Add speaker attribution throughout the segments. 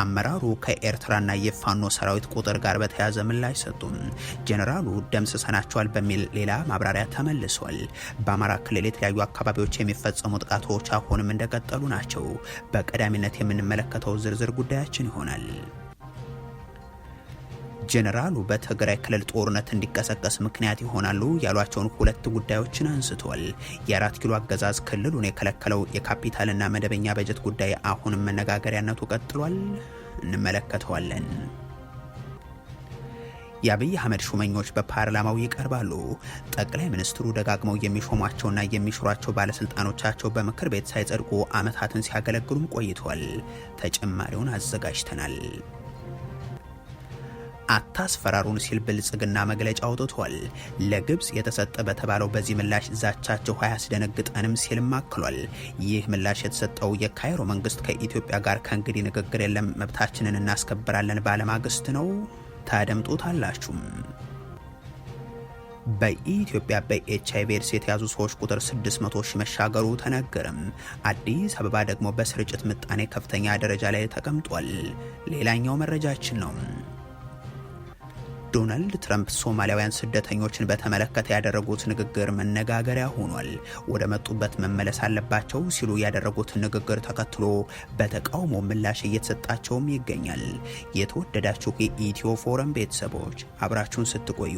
Speaker 1: አመራሩ ከኤርትራና የፋኖ ሰራዊት ቁጥር ጋር በተያያዘ ምላሽ ሰጡም። ጄኔራሉ ደምስሰናቸዋል በሚል ሌላ ማብራሪያ ተመልሷል። በአማራ ክልል የተለያዩ አካባቢዎች የሚፈጸሙ ጥቃቶች አሁንም እንደቀጠሉ ናቸው። በቀዳሚነት የምንመለከተው ዝርዝር ጉዳያችን ይሆናል። ጄኔራሉ በትግራይ ክልል ጦርነት እንዲቀሰቀስ ምክንያት ይሆናሉ ያሏቸውን ሁለት ጉዳዮችን አንስቷል። የአራት ኪሎ አገዛዝ ክልሉን የከለከለው የካፒታልና መደበኛ በጀት ጉዳይ አሁንም መነጋገሪያነቱ ቀጥሏል። እንመለከተዋለን። የአብይ አህመድ ሹመኞች በፓርላማው ይቀርባሉ። ጠቅላይ ሚኒስትሩ ደጋግመው የሚሾሟቸውና የሚሽሯቸው ባለስልጣኖቻቸው በምክር ቤት ሳይጸድቁ ዓመታትን ሲያገለግሉም ቆይቷል። ተጨማሪውን አዘጋጅተናል። አታስፈራሩን ሲል ብልጽግና መግለጫ አውጥቷል። ለግብፅ የተሰጠ በተባለው በዚህ ምላሽ ዛቻቸው አያስደነግጠንም ሲልም አክሏል። ይህ ምላሽ የተሰጠው የካይሮ መንግስት ከኢትዮጵያ ጋር ከእንግዲህ ንግግር የለም መብታችንን እናስከብራለን ባለማግስት ነው። ታደምጡታላችሁም። በኢትዮጵያ በኤች አይቪ ኤድስ የተያዙ ሰዎች ቁጥር 600 ሺህ መሻገሩ ተነገረም። አዲስ አበባ ደግሞ በስርጭት ምጣኔ ከፍተኛ ደረጃ ላይ ተቀምጧል። ሌላኛው መረጃችን ነው። ዶናልድ ትራምፕ ሶማሊያውያን ስደተኞችን በተመለከተ ያደረጉት ንግግር መነጋገሪያ ሆኗል። ወደ መጡበት መመለስ አለባቸው ሲሉ ያደረጉትን ንግግር ተከትሎ በተቃውሞ ምላሽ እየተሰጣቸውም ይገኛል። የተወደዳችሁ የኢትዮ ፎረም ቤተሰቦች አብራችሁን ስትቆዩ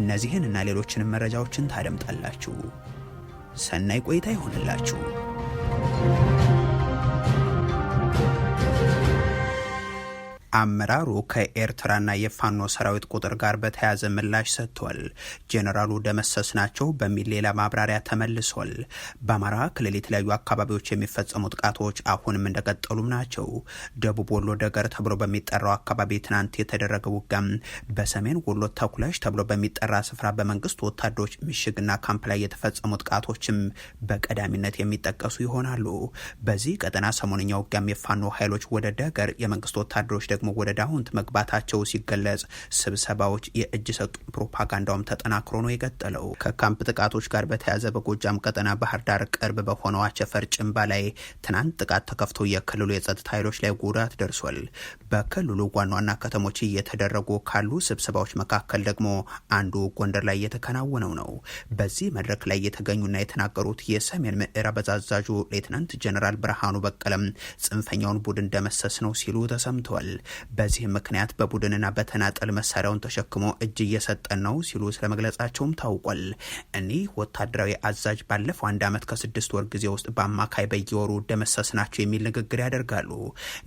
Speaker 1: እነዚህን እና ሌሎችንም መረጃዎችን ታደምጣላችሁ። ሰናይ ቆይታ ይሆንላችሁ። አመራሩ ከኤርትራና የፋኖ ሰራዊት ቁጥር ጋር በተያያዘ ምላሽ ሰጥቷል። ጄኔራሉ ደመሰስ ናቸው በሚል ሌላ ማብራሪያ ተመልሷል። በአማራ ክልል የተለያዩ አካባቢዎች የሚፈጸሙ ጥቃቶች አሁንም እንደቀጠሉም ናቸው። ደቡብ ወሎ ደገር ተብሎ በሚጠራው አካባቢ ትናንት የተደረገ ውጋም፣ በሰሜን ወሎ ተኩለሽ ተብሎ በሚጠራ ስፍራ በመንግስት ወታደሮች ምሽግና ካምፕ ላይ የተፈጸሙ ጥቃቶችም በቀዳሚነት የሚጠቀሱ ይሆናሉ። በዚህ ቀጠና ሰሞንኛ ውጋም የፋኖ ኃይሎች ወደ ደገር የመንግስት ወታደሮች ደግሞ ደግሞ ወደ ዳውንት መግባታቸው ሲገለጽ ስብሰባዎች የእጅ ሰጡ ፕሮፓጋንዳውም ተጠናክሮ ነው የቀጠለው። ከካምፕ ጥቃቶች ጋር በተያዘ በጎጃም ቀጠና ባህር ዳር ቅርብ በሆነው አቸፈር ጭንባ ላይ ትናንት ጥቃት ተከፍቶ የክልሉ የጸጥታ ኃይሎች ላይ ጉዳት ደርሷል። በክልሉ ዋና ዋና ከተሞች እየተደረጉ ካሉ ስብሰባዎች መካከል ደግሞ አንዱ ጎንደር ላይ እየተከናወነው ነው። በዚህ መድረክ ላይ የተገኙና የተናገሩት የሰሜን ምዕራብ አዛዡ ሌትናንት ጀነራል ብርሃኑ በቀለም ጽንፈኛውን ቡድን ደመሰስ ነው ሲሉ ተሰምተዋል። በዚህም ምክንያት በቡድንና በተናጠል መሳሪያውን ተሸክሞ እጅ እየሰጠን ነው ሲሉ ስለመግለጻቸውም ታውቋል። እኒህ ወታደራዊ አዛዥ ባለፈው አንድ ዓመት ከስድስት ወር ጊዜ ውስጥ በአማካይ በየወሩ ደመሰስ ናቸው የሚል ንግግር ያደርጋሉ።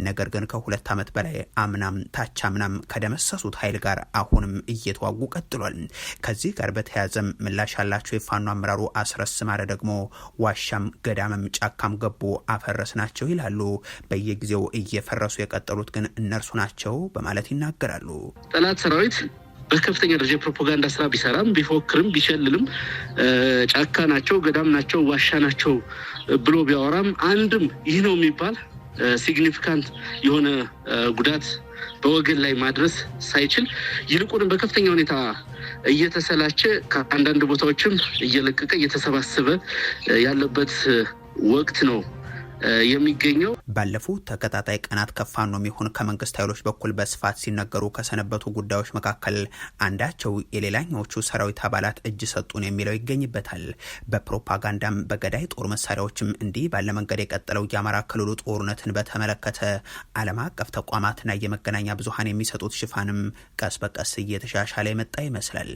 Speaker 1: ነገር ግን ከሁለት ዓመት በላይ አምናም ታች አምናም ከደመሰሱት ኃይል ጋር አሁንም እየተዋጉ ቀጥሏል። ከዚህ ጋር በተያያዘም ምላሽ ያላቸው የፋኖ አመራሩ አስረስ ማረ ደግሞ ዋሻም ገዳምም ጫካም ገቡ አፈረስ ናቸው ይላሉ። በየጊዜው እየፈረሱ የቀጠሉት ግን እነርሱ ናቸው በማለት ይናገራሉ።
Speaker 2: ጠላት ሰራዊት በከፍተኛ ደረጃ የፕሮፓጋንዳ ስራ ቢሰራም ቢፎክርም ቢሸልልም ጫካ ናቸው፣ ገዳም ናቸው፣ ዋሻ ናቸው ብሎ ቢያወራም አንድም ይህ ነው የሚባል ሲግኒፊካንት የሆነ ጉዳት በወገን ላይ ማድረስ ሳይችል ይልቁንም በከፍተኛ ሁኔታ እየተሰላቸ ከአንዳንድ ቦታዎችም እየለቀቀ እየተሰባሰበ ያለበት ወቅት ነው። የሚገኘው
Speaker 1: ባለፉት ተከታታይ ቀናት ከፋኖ የሚሆን ከመንግስት ኃይሎች በኩል በስፋት ሲነገሩ ከሰነበቱ ጉዳዮች መካከል አንዳቸው የሌላኛዎቹ ሰራዊት አባላት እጅ ሰጡን የሚለው ይገኝበታል። በፕሮፓጋንዳም በገዳይ ጦር መሳሪያዎችም እንዲህ ባለመንገድ የቀጠለው የአማራ ክልሉ ጦርነትን በተመለከተ ዓለም አቀፍ ተቋማትና የመገናኛ ብዙሀን የሚሰጡት ሽፋንም ቀስ በቀስ እየተሻሻለ የመጣ ይመስላል።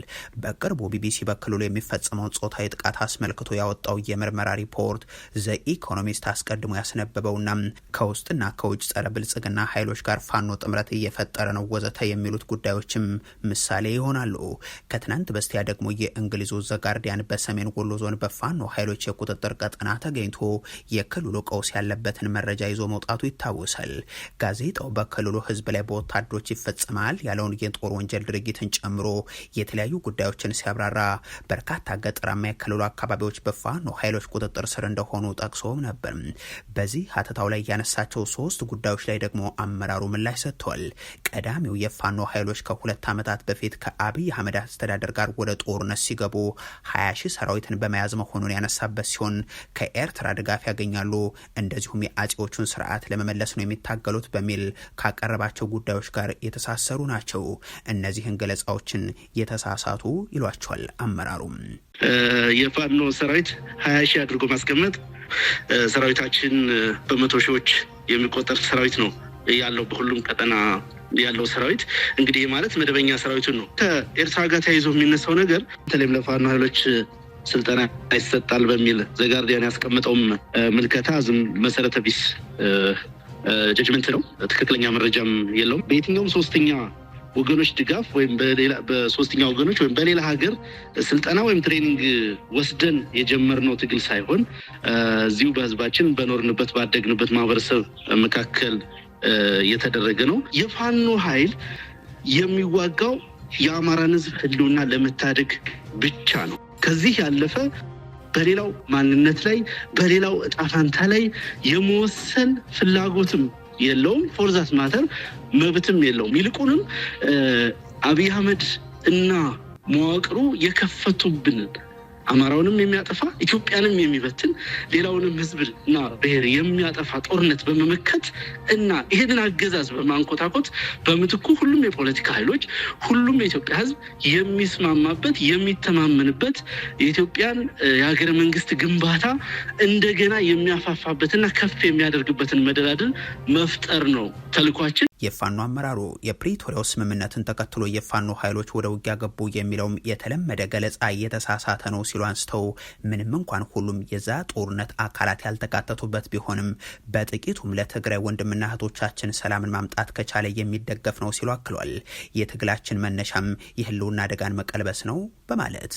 Speaker 1: በቅርቡ ቢቢሲ በክልሉ የሚፈጸመውን ጾታዊ ጥቃት አስመልክቶ ያወጣው የምርመራ ሪፖርት ዘ ኢኮኖሚስት አስቀድሞ ደጋግሞ ያስነበበውና ከውስጥና ከውጭ ጸረ ብልጽግና ኃይሎች ጋር ፋኖ ጥምረት እየፈጠረ ነው ወዘተ የሚሉት ጉዳዮችም ምሳሌ ይሆናሉ። ከትናንት በስቲያ ደግሞ የእንግሊዙ ዘጋርዲያን በሰሜን ወሎ ዞን በፋኖ ኃይሎች የቁጥጥር ቀጠና ተገኝቶ የክልሉ ቀውስ ያለበትን መረጃ ይዞ መውጣቱ ይታወሳል። ጋዜጣው በክልሉ ህዝብ ላይ በወታደሮች ይፈጽማል ያለውን የጦር ወንጀል ድርጊትን ጨምሮ የተለያዩ ጉዳዮችን ሲያብራራ በርካታ ገጠራማ የክልሉ አካባቢዎች በፋኖ ኃይሎች ቁጥጥር ስር እንደሆኑ ጠቅሶም ነበር። በዚህ ሀተታው ላይ ያነሳቸው ሶስት ጉዳዮች ላይ ደግሞ አመራሩ ምላሽ ሰጥቷል። ቀዳሚው የፋኖ ኃይሎች ከሁለት ዓመታት በፊት ከአብይ አህመድ አስተዳደር ጋር ወደ ጦርነት ሲገቡ 20 ሺህ ሰራዊትን በመያዝ መሆኑን ያነሳበት ሲሆን ከኤርትራ ድጋፍ ያገኛሉ፣ እንደዚሁም የአጼዎቹን ስርዓት ለመመለስ ነው የሚታገሉት በሚል ካቀረባቸው ጉዳዮች ጋር የተሳሰሩ ናቸው። እነዚህን ገለጻዎችን የተሳሳቱ ይሏቸዋል አመራሩም
Speaker 2: የፋኖ ሰራዊት ሀያ ሺህ አድርጎ ማስቀመጥ ሰራዊታችን በመቶ ሺዎች የሚቆጠር ሰራዊት ነው ያለው በሁሉም ቀጠና ያለው ሰራዊት እንግዲህ ማለት መደበኛ ሰራዊቱን ነው። ከኤርትራ ጋር ተያይዞ የሚነሳው ነገር በተለይም ለፋኖ ኃይሎች ስልጠና ይሰጣል በሚል ዘጋርዲያን ያስቀምጠውም ምልከታ ዝም መሰረተ ቢስ ጀጅመንት ነው። ትክክለኛ መረጃም የለውም። በየትኛውም ሶስተኛ ወገኖች ድጋፍ ወይም በሶስተኛ ወገኖች ወይም በሌላ ሀገር ስልጠና ወይም ትሬኒንግ ወስደን የጀመርነው ትግል ሳይሆን እዚሁ በህዝባችን በኖርንበት ባደግንበት ማህበረሰብ መካከል የተደረገ ነው። የፋኖ ኃይል የሚዋጋው የአማራን ህዝብ ህልውና ለመታደግ ብቻ ነው። ከዚህ ያለፈ በሌላው ማንነት ላይ በሌላው እጣፋንታ ላይ የመወሰን ፍላጎትም የለውም። ፎርዛስ ማተር መብትም የለውም። ይልቁንም አብይ አህመድ እና መዋቅሩ የከፈቱብን አማራውንም የሚያጠፋ ኢትዮጵያንም የሚበትን ሌላውንም ህዝብና ብሔር የሚያጠፋ ጦርነት በመመከት እና ይህንን አገዛዝ በማንኮታኮት በምትኩ ሁሉም የፖለቲካ ኃይሎች ሁሉም የኢትዮጵያ ህዝብ የሚስማማበት የሚተማመንበት የኢትዮጵያን የሀገረ መንግስት ግንባታ እንደገና የሚያፋፋበትና ከፍ የሚያደርግበትን መደላድል መፍጠር ነው ተልኳችን።
Speaker 1: የፋኖ አመራሩ የፕሪቶሪያው ስምምነትን ተከትሎ የፋኖ ኃይሎች ወደ ውጊያ ገቡ የሚለውም የተለመደ ገለጻ እየተሳሳተ ነው ሲሉ አንስተው ምንም እንኳን ሁሉም የዛ ጦርነት አካላት ያልተካተቱበት ቢሆንም በጥቂቱም ለትግራይ ወንድምና እህቶቻችን ሰላምን ማምጣት ከቻለ የሚደገፍ ነው ሲሉ አክሏል። የትግላችን መነሻም የህልውና አደጋን መቀልበስ ነው በማለት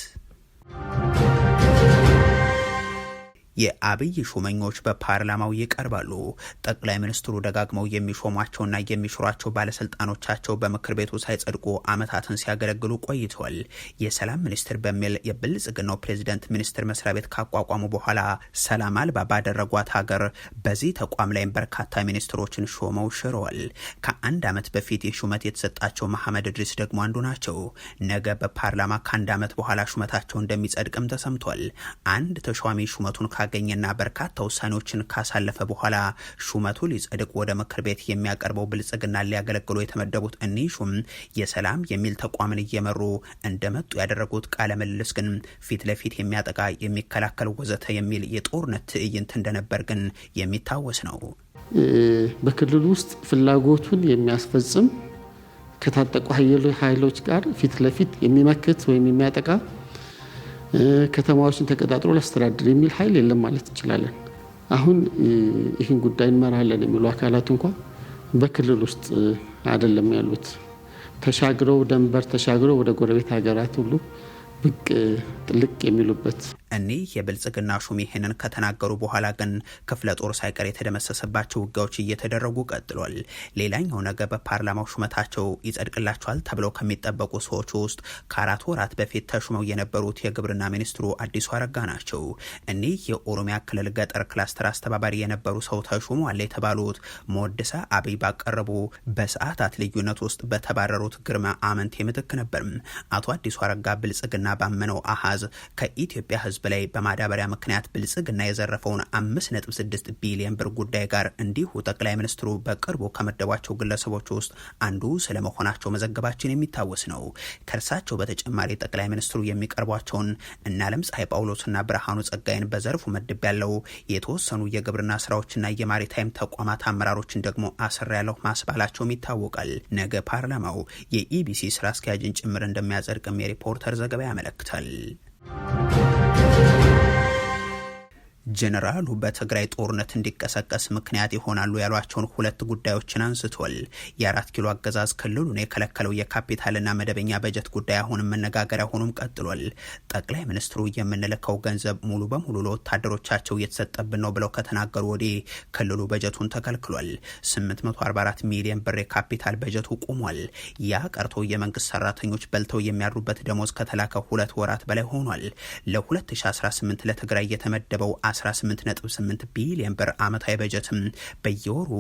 Speaker 1: የአብይ ሹመኞች በፓርላማው ይቀርባሉ። ጠቅላይ ሚኒስትሩ ደጋግመው የሚሾሟቸውና የሚሽሯቸው ባለስልጣኖቻቸው በምክር ቤቱ ሳይጸድቁ አመታትን ሲያገለግሉ ቆይተዋል። የሰላም ሚኒስትር በሚል የብልጽግናው ፕሬዚደንት ሚኒስትር መስሪያ ቤት ካቋቋሙ በኋላ ሰላም አልባ ባደረጓት ሀገር በዚህ ተቋም ላይም በርካታ ሚኒስትሮችን ሾመው ሽረዋል። ከአንድ ዓመት በፊት የሹመት የተሰጣቸው መሐመድ እድሪስ ደግሞ አንዱ ናቸው። ነገ በፓርላማ ከአንድ ዓመት በኋላ ሹመታቸው እንደሚጸድቅም ተሰምቷል። አንድ ተሿሚ ሹመቱን ካገኘና በርካታ ውሳኔዎችን ካሳለፈ በኋላ ሹመቱ ሊጸድቅ ወደ ምክር ቤት የሚያቀርበው ብልጽግና ሊያገለግሉ የተመደቡት እኒህ ሹም የሰላም የሚል ተቋምን እየመሩ እንደመጡ ያደረጉት ቃለ ምልልስ ግን ፊት ለፊት የሚያጠቃ የሚከላከል ወዘተ የሚል የጦርነት ትዕይንት እንደነበር ግን የሚታወስ ነው።
Speaker 3: በክልል ውስጥ ፍላጎቱን የሚያስፈጽም ከታጠቁ ኃይሎች ጋር ፊት ለፊት የሚመክት ወይም የሚያጠቃ ከተማዎችን ተቀጣጥሮ ላስተዳድር የሚል ኃይል የለም ማለት እንችላለን። አሁን ይህን ጉዳይ እንመራለን የሚሉ አካላት እንኳ በክልል ውስጥ አይደለም ያሉት ተሻግረው ደንበር ተሻግረው ወደ ጎረቤት ሀገራት ሁሉ ብቅ ጥልቅ የሚሉበት
Speaker 1: እኒህ የብልጽግና ሹም ይህንን ከተናገሩ በኋላ ግን ክፍለ ጦር ሳይቀር የተደመሰሰባቸው ውጊያዎች እየተደረጉ ቀጥሏል። ሌላኛው ነገ በፓርላማው ሹመታቸው ይጸድቅላቸዋል ተብለው ከሚጠበቁ ሰዎች ውስጥ ከአራት ወራት በፊት ተሹመው የነበሩት የግብርና ሚኒስትሩ አዲሱ አረጋ ናቸው። እኒህ የኦሮሚያ ክልል ገጠር ክላስተር አስተባባሪ የነበሩ ሰው ተሹመዋል የተባሉት መወድሳ አብይ ባቀረቡ በሰዓታት ልዩነት ውስጥ በተባረሩት ግርማ አመንቴ ምትክ ነበር። አቶ አዲሱ አረጋ ብልጽግና ባመነው አሃዝ ከኢትዮጵያ ህዝብ በላይ በማዳበሪያ ምክንያት ብልጽግና የዘረፈውን 56 ቢሊዮን ብር ጉዳይ ጋር እንዲሁ ጠቅላይ ሚኒስትሩ በቅርቡ ከመደቧቸው ግለሰቦች ውስጥ አንዱ ስለመሆናቸው መዘገባችን የሚታወስ ነው። ከእርሳቸው በተጨማሪ ጠቅላይ ሚኒስትሩ የሚቀርቧቸውን እነ ዓለም ፀሐይ ጳውሎስና ብርሃኑ ጸጋይን በዘርፉ መድብ ያለው የተወሰኑ የግብርና ስራዎችና የማሪታይም ተቋማት አመራሮችን ደግሞ አስር ያለው ማስባላቸውም ይታወቃል። ነገ ፓርላማው የኢቢሲ ስራ አስኪያጅን ጭምር እንደሚያጸድቅም የሪፖርተር ዘገባ ያመለክታል። ጀነራሉ በትግራይ ጦርነት እንዲቀሰቀስ ምክንያት ይሆናሉ ያሏቸውን ሁለት ጉዳዮችን አንስቷል። የአራት ኪሎ አገዛዝ ክልሉን የከለከለው የካፒታልና መደበኛ በጀት ጉዳይ አሁንም መነጋገሪያ ሆኖም ቀጥሏል። ጠቅላይ ሚኒስትሩ የምንልከው ገንዘብ ሙሉ በሙሉ ለወታደሮቻቸው እየተሰጠብን ነው ብለው ከተናገሩ ወዲህ ክልሉ በጀቱን ተከልክሏል። 844 ሚሊዮን ብር የካፒታል በጀቱ ቆሟል። ያ ቀርቶ የመንግስት ሰራተኞች በልተው የሚያድሩበት ደሞዝ ከተላከ ሁለት ወራት በላይ ሆኗል። ለ2018 ለትግራይ የተመደበው 18.8 ቢሊዮን ብር ዓመታዊ በጀትም በየወሩ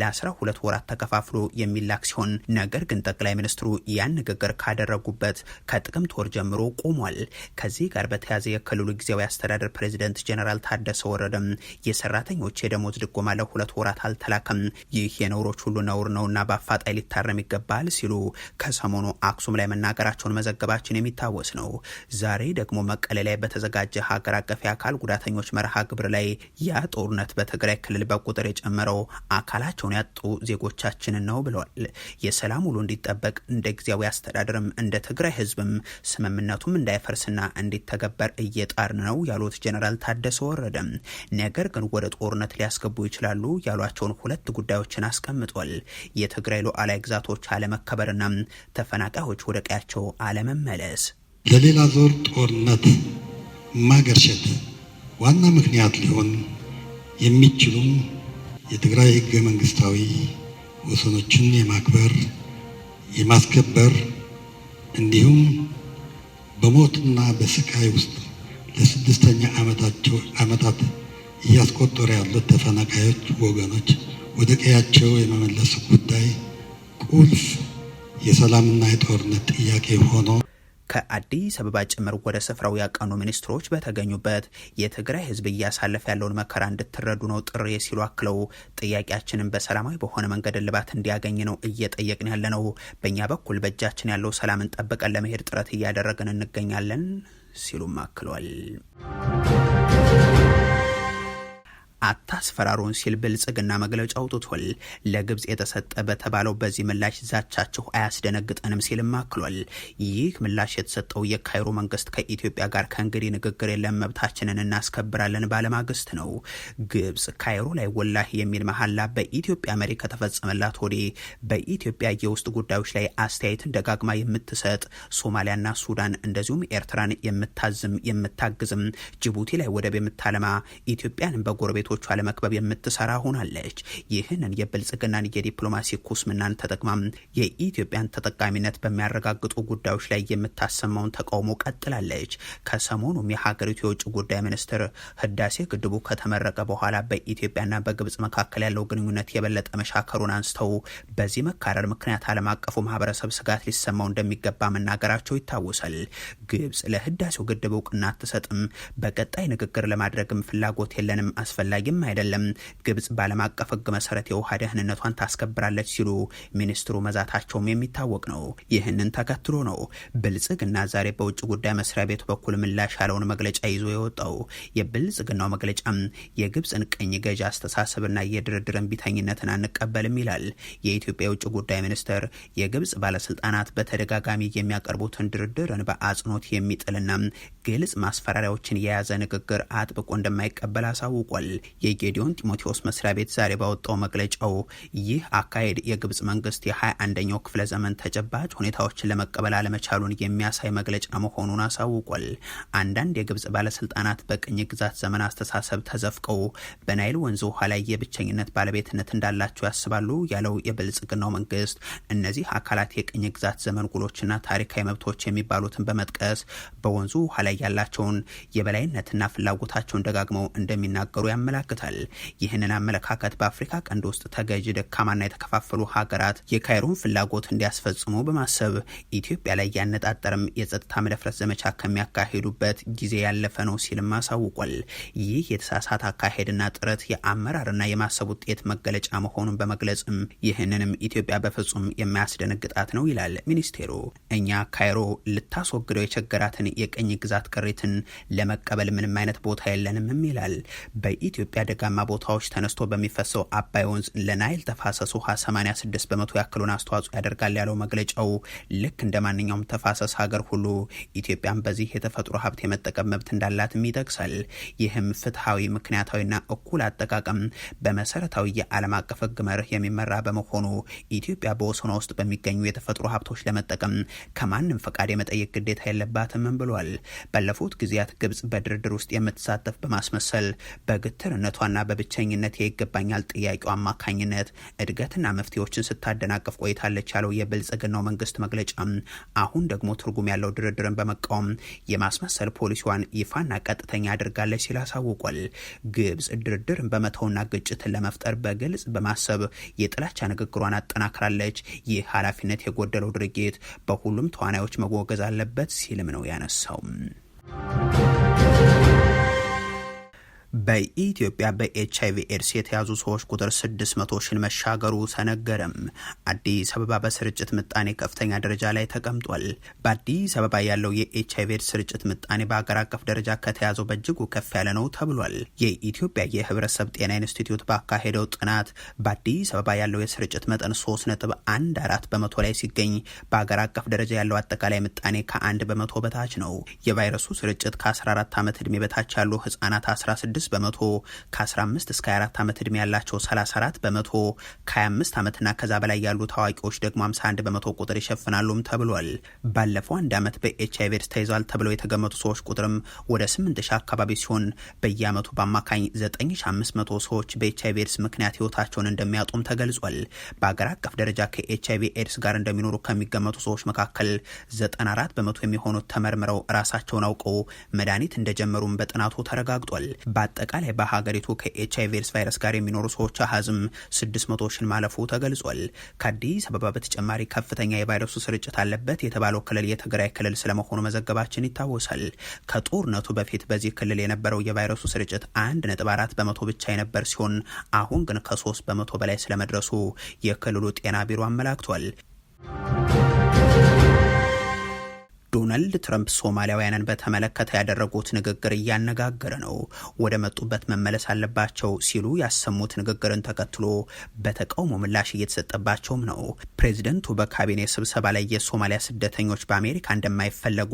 Speaker 1: ለ12 ወራት ተከፋፍሎ የሚላክ ሲሆን ነገር ግን ጠቅላይ ሚኒስትሩ ያን ንግግር ካደረጉበት ከጥቅምት ወር ጀምሮ ቆሟል። ከዚህ ጋር በተያያዘ የክልሉ ጊዜያዊ አስተዳደር ፕሬዚደንት ጀኔራል ታደሰ ወረደም የሰራተኞች የደሞዝ ድጎማ ለሁለት ወራት አልተላከም፣ ይህ የነውሮች ሁሉ ነውር ነውና በአፋጣኝ ሊታረም ይገባል ሲሉ ከሰሞኑ አክሱም ላይ መናገራቸውን መዘገባችን የሚታወስ ነው። ዛሬ ደግሞ መቀሌ ላይ በተዘጋጀ ሀገር አቀፍ የአካል ጉዳተኞች መርሃ ግብር ላይ ያ ጦርነት በትግራይ ክልል በቁጥር የጨመረው አካላቸውን ያጡ ዜጎቻችንን ነው ብለዋል። የሰላም ውሉ እንዲጠበቅ እንደ ጊዜያዊ አስተዳደርም እንደ ትግራይ ህዝብም ስምምነቱም እንዳይፈርስና እንዲተገበር እየጣርን ነው ያሉት ጀነራል ታደሰ ወረደ ነገር ግን ወደ ጦርነት ሊያስገቡ ይችላሉ ያሏቸውን ሁለት ጉዳዮችን አስቀምጧል። የትግራይ ሉዓላዊ ግዛቶች አለመከበርና ተፈናቃዮች ወደ ቀያቸው አለመመለስ፣
Speaker 4: ለሌላ ዞር ጦርነት ማገርሸት ዋና ምክንያት ሊሆን የሚችሉ የትግራይ ህገ መንግስታዊ ወሰኖችን የማክበር የማስከበር እንዲሁም በሞትና በስቃይ ውስጥ ለስድስተኛ ዓመታቸው ዓመታት እያስቆጠሩ ያሉት ተፈናቃዮች ወገኖች ወደ ቀያቸው የመመለስ ጉዳይ ቁልፍ የሰላምና የጦርነት ጥያቄ ሆኖ
Speaker 1: ከአዲስ አበባ ጭምር ወደ ስፍራው ያቀኑ ሚኒስትሮች በተገኙበት የትግራይ ህዝብ እያሳለፈ ያለውን መከራ እንድትረዱ ነው ጥሪ ሲሉ አክለው ጥያቄያችንን በሰላማዊ በሆነ መንገድ እልባት እንዲያገኝ ነው እየጠየቅን ያለ ነው። በእኛ በኩል በእጃችን ያለው ሰላምን ጠብቀን ለመሄድ ጥረት እያደረግን እንገኛለን ሲሉም አክሏል። አታስፈራሩን ሲል ብልጽግና መግለጫ አውጥቷል። ለግብፅ የተሰጠ በተባለው በዚህ ምላሽ ዛቻችሁ አያስደነግጠንም ሲልም አክሏል። ይህ ምላሽ የተሰጠው የካይሮ መንግስት ከኢትዮጵያ ጋር ከእንግዲህ ንግግር የለም መብታችንን እናስከብራለን ባለማግስት ነው። ግብፅ ካይሮ ላይ ወላህ የሚል መሐላ በኢትዮጵያ መሪ ከተፈጸመላት ወዲህ በኢትዮጵያ የውስጥ ጉዳዮች ላይ አስተያየትን ደጋግማ የምትሰጥ ሶማሊያና ሱዳን እንደዚሁም ኤርትራን የምታዝም የምታግዝም ጅቡቲ ላይ ወደብ የምታለማ ኢትዮጵያን በጎረቤቶ በጠላቶቿ ለመክበብ የምትሰራ ሆናለች። ይህንን የብልጽግናን የዲፕሎማሲ ኩስምናን ተጠቅማም የኢትዮጵያን ተጠቃሚነት በሚያረጋግጡ ጉዳዮች ላይ የምታሰማውን ተቃውሞ ቀጥላለች። ከሰሞኑም የሀገሪቱ የውጭ ጉዳይ ሚኒስትር ህዳሴ ግድቡ ከተመረቀ በኋላ በኢትዮጵያና በግብጽ መካከል ያለው ግንኙነት የበለጠ መሻከሩን አንስተው በዚህ መካረር ምክንያት ዓለም አቀፉ ማህበረሰብ ስጋት ሊሰማው እንደሚገባ መናገራቸው ይታወሳል። ግብጽ ለህዳሴው ግድብ እውቅና አትሰጥም፣ በቀጣይ ንግግር ለማድረግም ፍላጎት የለንም፣ አስፈላጊ አስፈላጊም አይደለም፣ ግብጽ በዓለም አቀፍ ህግ መሰረት የውሃ ደህንነቷን ታስከብራለች ሲሉ ሚኒስትሩ መዛታቸውም የሚታወቅ ነው። ይህንን ተከትሎ ነው ብልጽግና ዛሬ በውጭ ጉዳይ መስሪያ ቤቱ በኩል ምላሽ ያለውን መግለጫ ይዞ የወጣው። የብልጽግናው መግለጫም የግብጽን ቅኝ ገዥ አስተሳሰብና የድርድርን ቢተኝነትን አንቀበልም ይላል። የኢትዮጵያ የውጭ ጉዳይ ሚኒስቴር የግብጽ ባለስልጣናት በተደጋጋሚ የሚያቀርቡትን ድርድርን በአጽንኦት የሚጥልና ግልጽ ማስፈራሪያዎችን የያዘ ንግግር አጥብቆ እንደማይቀበል አሳውቋል። የጌዲዮን ጢሞቴዎስ መስሪያ ቤት ዛሬ ባወጣው መግለጫው ይህ አካሄድ የግብጽ መንግስት የ21ኛው ክፍለ ዘመን ተጨባጭ ሁኔታዎችን ለመቀበል አለመቻሉን የሚያሳይ መግለጫ መሆኑን አሳውቋል። አንዳንድ የግብጽ ባለስልጣናት በቅኝ ግዛት ዘመን አስተሳሰብ ተዘፍቀው በናይል ወንዝ ውሃ ላይ የብቸኝነት ባለቤትነት እንዳላቸው ያስባሉ ያለው የብልጽግናው መንግስት እነዚህ አካላት የቅኝ ግዛት ዘመን ጉሎችና ታሪካዊ መብቶች የሚባሉትን በመጥቀስ በወንዙ ውሃ ላይ ያላቸውን የበላይነትና ፍላጎታቸውን ደጋግመው እንደሚናገሩ ያመላል ያመላክታል። ይህንን አመለካከት በአፍሪካ ቀንድ ውስጥ ተገዥ ደካማና የተከፋፈሉ ሀገራት የካይሮን ፍላጎት እንዲያስፈጽሙ በማሰብ ኢትዮጵያ ላይ ያነጣጠርም የጸጥታ መደፍረስ ዘመቻ ከሚያካሂዱበት ጊዜ ያለፈ ነው ሲልም አሳውቋል። ይህ የተሳሳት አካሄድና ጥረት የአመራርና የማሰብ ውጤት መገለጫ መሆኑን በመግለጽም ይህንንም ኢትዮጵያ በፍጹም የሚያስደነግጣት ነው ይላል ሚኒስቴሩ። እኛ ካይሮ ልታስወግደው የቸገራትን የቅኝ ግዛት ቅሪትን ለመቀበል ምንም አይነት ቦታ የለንም ይላል። በኢትዮ ከኢትዮጵያ ደጋማ ቦታዎች ተነስቶ በሚፈሰው አባይ ወንዝ ለናይል ተፋሰስ ውሃ 86 በመቶ ያክሉን አስተዋጽኦ ያደርጋል ያለው መግለጫው ልክ እንደ ማንኛውም ተፋሰስ ሀገር ሁሉ ኢትዮጵያን በዚህ የተፈጥሮ ሀብት የመጠቀም መብት እንዳላትም ይጠቅሳል። ይህም ፍትሐዊ፣ ምክንያታዊና እኩል አጠቃቀም በመሰረታዊ የዓለም አቀፍ ህግ መርህ የሚመራ በመሆኑ ኢትዮጵያ በወሰኗ ውስጥ በሚገኙ የተፈጥሮ ሀብቶች ለመጠቀም ከማንም ፈቃድ የመጠየቅ ግዴታ የለባትም ብሏል። ባለፉት ጊዜያት ግብጽ በድርድር ውስጥ የምትሳተፍ በማስመሰል በግትር በቸርነቷና በብቸኝነት የይገባኛል ጥያቄው አማካኝነት እድገትና መፍትሄዎችን ስታደናቅፍ ቆይታለች ያለው የብልጽግናው መንግስት መግለጫ አሁን ደግሞ ትርጉም ያለው ድርድርን በመቃወም የማስመሰል ፖሊሲዋን ይፋና ቀጥተኛ አድርጋለች ሲል አሳውቋል። ግብጽ ድርድርን በመተውና ግጭትን ለመፍጠር በግልጽ በማሰብ የጥላቻ ንግግሯን አጠናክራለች። ይህ ኃላፊነት የጎደለው ድርጊት በሁሉም ተዋናዮች መወገዝ አለበት ሲልም ነው ያነሳው። በኢትዮጵያ በኤች አይቪ ኤድስ የተያዙ ሰዎች ቁጥር 600 ሺን መሻገሩ ተነገረም። አዲስ አበባ በስርጭት ምጣኔ ከፍተኛ ደረጃ ላይ ተቀምጧል። በአዲስ አበባ ያለው የኤች አይቪ ኤድስ ስርጭት ምጣኔ በአገር አቀፍ ደረጃ ከተያዘው በእጅጉ ከፍ ያለ ነው ተብሏል። የኢትዮጵያ የህብረተሰብ ጤና ኢንስቲትዩት ባካሄደው ጥናት በአዲስ አበባ ያለው የስርጭት መጠን 3.14 በመቶ ላይ ሲገኝ በአገር አቀፍ ደረጃ ያለው አጠቃላይ ምጣኔ ከአንድ በመቶ በታች ነው። የቫይረሱ ስርጭት ከ14 ዓመት ዕድሜ በታች ያሉ ህጻናት 16 በመቶ ከ15 እስከ 24 ዓመት ዕድሜ ያላቸው 34 በመቶ ከ25 ዓመትና ከዛ በላይ ያሉ ታዋቂዎች ደግሞ 51 በመቶ ቁጥር ይሸፍናሉም ተብሏል። ባለፈው አንድ ዓመት በኤች አይቪ ኤድስ ተይዟል ተብለው የተገመቱ ሰዎች ቁጥርም ወደ 8 ሺህ አካባቢ ሲሆን በየዓመቱ በአማካኝ 9500 ሰዎች በኤች አይቪ ኤድስ ምክንያት ህይወታቸውን እንደሚያጡም ተገልጿል። በአገር አቀፍ ደረጃ ከኤች አይቪ ኤድስ ጋር እንደሚኖሩ ከሚገመቱ ሰዎች መካከል 94 በመቶ የሚሆኑት ተመርምረው ራሳቸውን አውቀው መድኃኒት እንደጀመሩም በጥናቱ ተረጋግጧል። በአጠቃላይ በሀገሪቱ ከኤች አይቪ ኤድስ ቫይረስ ጋር የሚኖሩ ሰዎች አሀዝም 600 ሺን ማለፉ ተገልጿል። ከአዲስ አበባ በተጨማሪ ከፍተኛ የቫይረሱ ስርጭት አለበት የተባለው ክልል የትግራይ ክልል ስለመሆኑ መዘገባችን ይታወሳል። ከጦርነቱ በፊት በዚህ ክልል የነበረው የቫይረሱ ስርጭት አንድ ት በመቶ ብቻ የነበር ሲሆን አሁን ግን ከ3 በመቶ በላይ ስለመድረሱ የክልሉ ጤና ቢሮ አመላክቷል። ዶናልድ ትረምፕ ሶማሊያውያንን በተመለከተ ያደረጉት ንግግር እያነጋገረ ነው። ወደ መጡበት መመለስ አለባቸው ሲሉ ያሰሙት ንግግርን ተከትሎ በተቃውሞ ምላሽ እየተሰጠባቸውም ነው። ፕሬዚደንቱ በካቢኔ ስብሰባ ላይ የሶማሊያ ስደተኞች በአሜሪካ እንደማይፈለጉ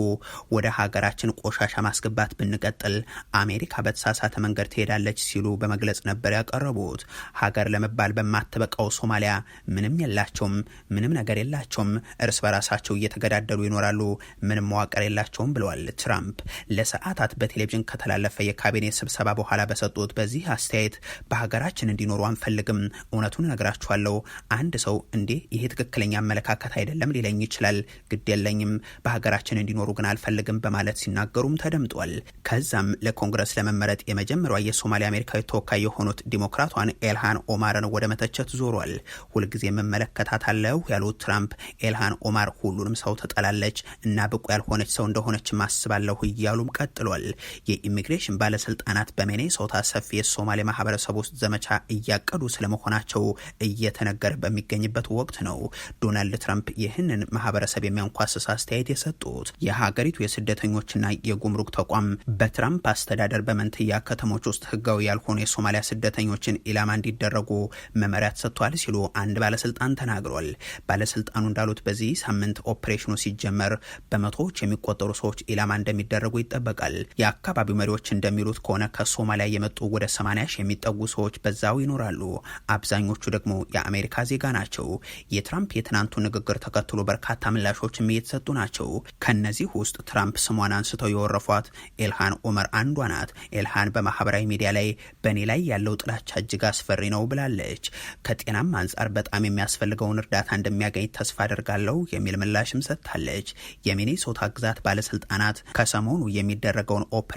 Speaker 1: ወደ ሀገራችን ቆሻሻ ማስገባት ብንቀጥል አሜሪካ በተሳሳተ መንገድ ትሄዳለች ሲሉ በመግለጽ ነበር ያቀረቡት። ሀገር ለመባል በማትበቃው ሶማሊያ ምንም የላቸውም፣ ምንም ነገር የላቸውም፣ እርስ በራሳቸው እየተገዳደሉ ይኖራሉ ምንም መዋቅር የላቸውም ብለዋል ትራምፕ። ለሰዓታት በቴሌቪዥን ከተላለፈ የካቢኔ ስብሰባ በኋላ በሰጡት በዚህ አስተያየት በሀገራችን እንዲኖሩ አንፈልግም፣ እውነቱን እነግራችኋለሁ። አንድ ሰው እንዴ ይሄ ትክክለኛ አመለካከት አይደለም ሊለኝ ይችላል፣ ግድ የለኝም። በሀገራችን እንዲኖሩ ግን አልፈልግም በማለት ሲናገሩም ተደምጧል። ከዛም ለኮንግረስ ለመመረጥ የመጀመሪያ የሶማሌ አሜሪካዊ ተወካይ የሆኑት ዲሞክራቷን ኤልሃን ኦማርን ወደ መተቸት ዞሯል። ሁልጊዜ መመለከታታለሁ ያሉት ትራምፕ ኤልሃን ኦማር ሁሉንም ሰው ትጠላለች እና ብቁ ያልሆነች ሰው እንደሆነች ማስባለሁ እያሉም ቀጥሏል። የኢሚግሬሽን ባለስልጣናት በሚኔሶታ ሰፊ የሶማሌ ማህበረሰብ ውስጥ ዘመቻ እያቀዱ ስለመሆናቸው እየተነገረ በሚገኝበት ወቅት ነው ዶናልድ ትራምፕ ይህንን ማህበረሰብ የሚያንኳስስ አስተያየት የሰጡት። የሀገሪቱ የስደተኞችና የጉምሩክ ተቋም በትራምፕ አስተዳደር በመንትያ ከተሞች ውስጥ ህጋዊ ያልሆኑ የሶማሊያ ስደተኞችን ኢላማ እንዲደረጉ መመሪያ ተሰጥቷል ሲሉ አንድ ባለስልጣን ተናግሯል። ባለስልጣኑ እንዳሉት በዚህ ሳምንት ኦፕሬሽኑ ሲጀመር በመ በመቶዎች የሚቆጠሩ ሰዎች ኢላማ እንደሚደረጉ ይጠበቃል። የአካባቢው መሪዎች እንደሚሉት ከሆነ ከሶማሊያ የመጡ ወደ 80 ሺህ የሚጠጉ ሰዎች በዛው ይኖራሉ። አብዛኞቹ ደግሞ የአሜሪካ ዜጋ ናቸው። የትራምፕ የትናንቱ ንግግር ተከትሎ በርካታ ምላሾችም እየተሰጡ ናቸው። ከነዚህ ውስጥ ትራምፕ ስሟን አንስተው የወረፏት ኤልሃን ኦመር አንዷ ናት። ኤልሃን በማህበራዊ ሚዲያ ላይ በእኔ ላይ ያለው ጥላቻ እጅግ አስፈሪ ነው ብላለች። ከጤናም አንጻር በጣም የሚያስፈልገውን እርዳታ እንደሚያገኝ ተስፋ አድርጋለሁ የሚል ምላሽም ሰጥታለች። የሚኒ የሚኒሶታ ግዛት ባለስልጣናት ከሰሞኑ የሚደረገውን ኦፕን